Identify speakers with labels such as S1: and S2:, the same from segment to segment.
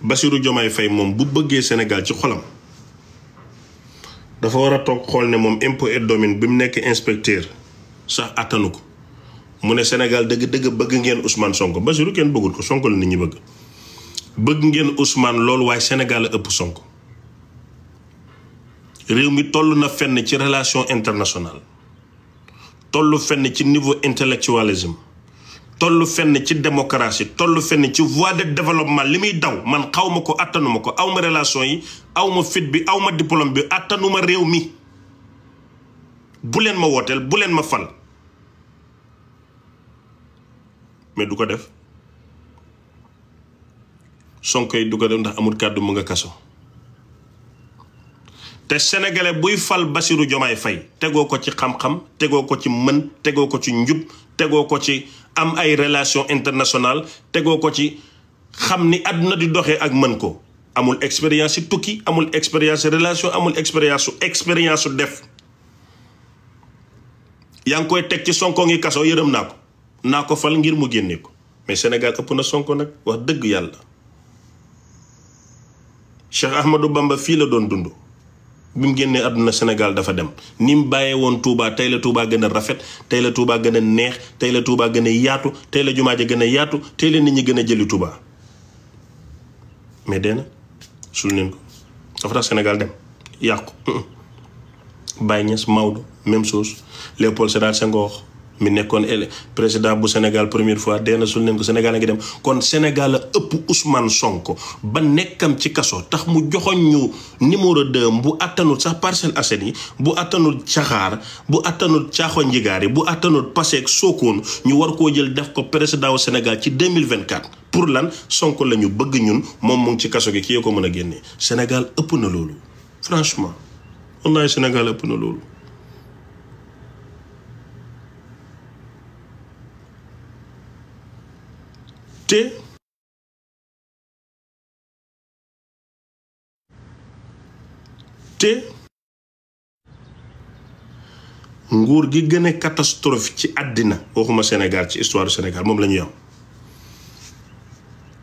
S1: Bassirou Diomaye fay moom bu bëggee Sénégal ci xolam dafa war a toog xool ne moom impôt et domaine bi mu nekk inspecteur sax attanu ko mu ne Sénégal dëgg-dëgg bëgg ngeen Ousmane Sonko Bassirou kenn bëggul ko Sonko la nit ñi bëgg bëgg ngeen Ousmane loolu waaye Sénégal ëpp Sonko réew mi toll na fenn ci relation internationale toll fenn ci niveau intellectualisme tollu fenn ci démocratie tollu fenn ci voie de développement li muy daw man xaw ko attanuma ko awma relation yi awma fit bi awma diplôme bi attanuma réew mi buleen ma wooteel bu leen ma fal mais du ko def Sonko yi du ko def ndax amul kàddu mu nga kaso te sénégalais buy fal basiru Diomaye fay tegoo ko ci xam-xam tegoo ko ci mën tegoo ko ci njub tegoo ko ci am ay relation internationale tegoo ko ci xam ni àdduna di doxee ak mën ko amul expérience ci tukki amul expérience relation amul expérience su expérience su def yaa ngi koy teg ci sonko ngi kaso yërëm naa ko naa ko fal ngir mu génnee ko mais Sénégal ëpp na sonko nag wax dëgg yàlla Cheikh Ahmadou Bamba fii la doon dund bi mu génnee àdduna Sénégal dafa dem ni mu bàyyee woon Touba tey la Touba gën a rafet tey la Touba gën a neex tey la Touba gën a yaatu tey la jumaa ja gën yaatu tey la nit ñi gën a jëli Touba mais dee na suul neen ko dafa tax Sénégal dem yàqu Baye Niass Maodo même chose Léopold Sédar Senghor mi nekkoon ele président bu Sénégal première fois dee na sul neen ko Sénégal a ngi dem kon Sénégal a ëpp Ousmane Sonko ba nekkam ci kaso tax mu joxoñ ñu numéro 2 bu attanul sax Parcelles Assainies yi bu attanul caxaar bu attanul caaxo njigaar yi bu attanul Pasek Sokone ñu war koo jël def ko président wu Sénégal ci 2024 pour lan Sonko la ñu bëgg ñun moom mu ci kaso gi ki yee ko mën a génnee Sénégal ëpp na loolu franchement wallaay Sénégal ëpp na loolu te te nguur gi gën a ci àddina waxuma Sénégal ci histoire du Sénégal moom lañu ñu yam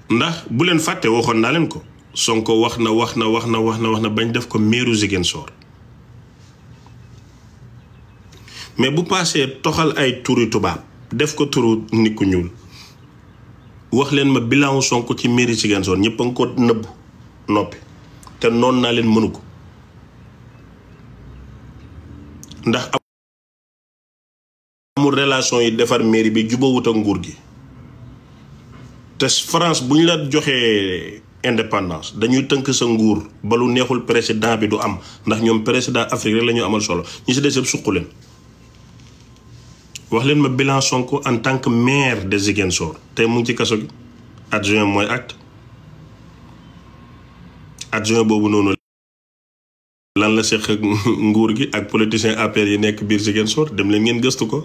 S1: ndax bu leen fàtte waxoon naa leen ko Sonko wax na wax na wax na wax na wax na bañ def ko meeru soor mais bu paasee toxal ay turi tubaab def ko turu nit ñuul wax leen ma bilan Sonko ci mairie Ziguinchor ñëpp a nga ko nëbb noppi te noon naa leen mënu ko ndax amul relation yi defar mairie bi jubawut ak nguur gi te France bu ñu la joxee indépendance dañuy tënk sa nguur ba lu neexul président bi du am ndax ñoom président Afrique rek la ñu amal solo ñi si des yëpp suqu leen wax leen ma bilan Sonko en tant que maire de Ziguinchor tey mu ngi ci kaso gi adjoint mooy acte adjoint boobu noonu lan la seq ak nguur gi ak politicien APR yi nekk biir Ziguinchor dem leen ngeen gëstu ko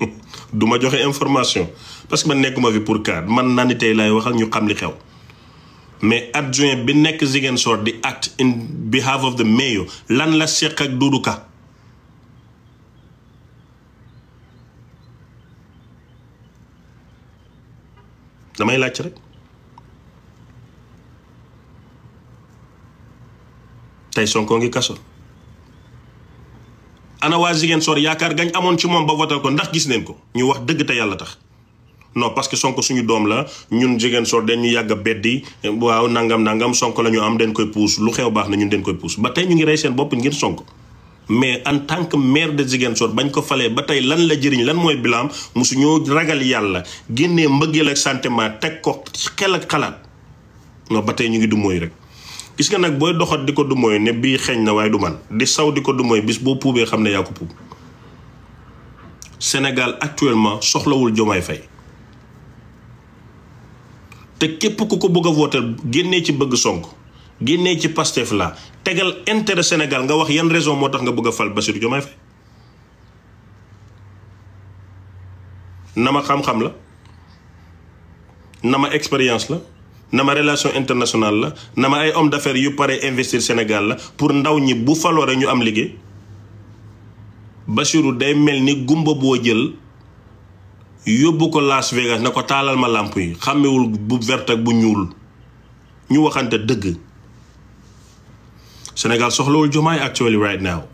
S1: du ma joxe information parce que man nekkuma fi pour cadre man naa ni tey laay wax ak ñu xam li xew mais adjoint bi nekk Ziguinchor di acte in behalf of the mayor lan la seq ak Doudou Ka damay laaj rek tey Sonko ngi kaso ana waa Ziguinchor yaakaar gañ amoon ci moom ba voté ko ndax gis neen ko ñu wax dëgg te yàlla tax non parce que Sonko suñu doom la ñun Ziguinchor dañ ñu yàgg a beddi waaw nangam nangam Sonko la ñu am dañ koy puus lu xew baax na ñun dañ koy puus ba tey ñu ngi rey seen bopp ngir Sonko mais en tant que maire de Ziguinchor bañ ko falee ba tey lan la jëriñ lan mooy bilaam musu ñoo ragal yàlla génnee mbëggeel ak sentiment teg ko xel ak xalaat non ba tey ñu ngi du moy rek gis nga nag booy doxat di ko du mooy ne bii xeeñ na waaye du man di saw di ko du mooy bis boo puubee xam ne yaa ko puub Sénégal actuellement soxlawul Diomaye Faye te képp ku ko bëgg a voter génnee ci bëgg sonk génnee ci Pastef la tegal intérêt Sénégal nga wax yan raison moo tax nga bëgg fal Bassirou Diomaye Faye na ma xam-xam la na ma expérience la na ma relation internationale la na ma ay homme d'affaires yu pare investir Sénégal la pour ndaw ñi bu faloo rek ñu am liggéey basiru day mel ni gumba boo jël yóbbu ko Las Vegas na ko taalal ma làmp yi xàmmewul bu vert bu ñuul ñu waxante dëgg Sénégal soxlawul Diomaye actually right now